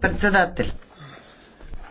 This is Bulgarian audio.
Председател.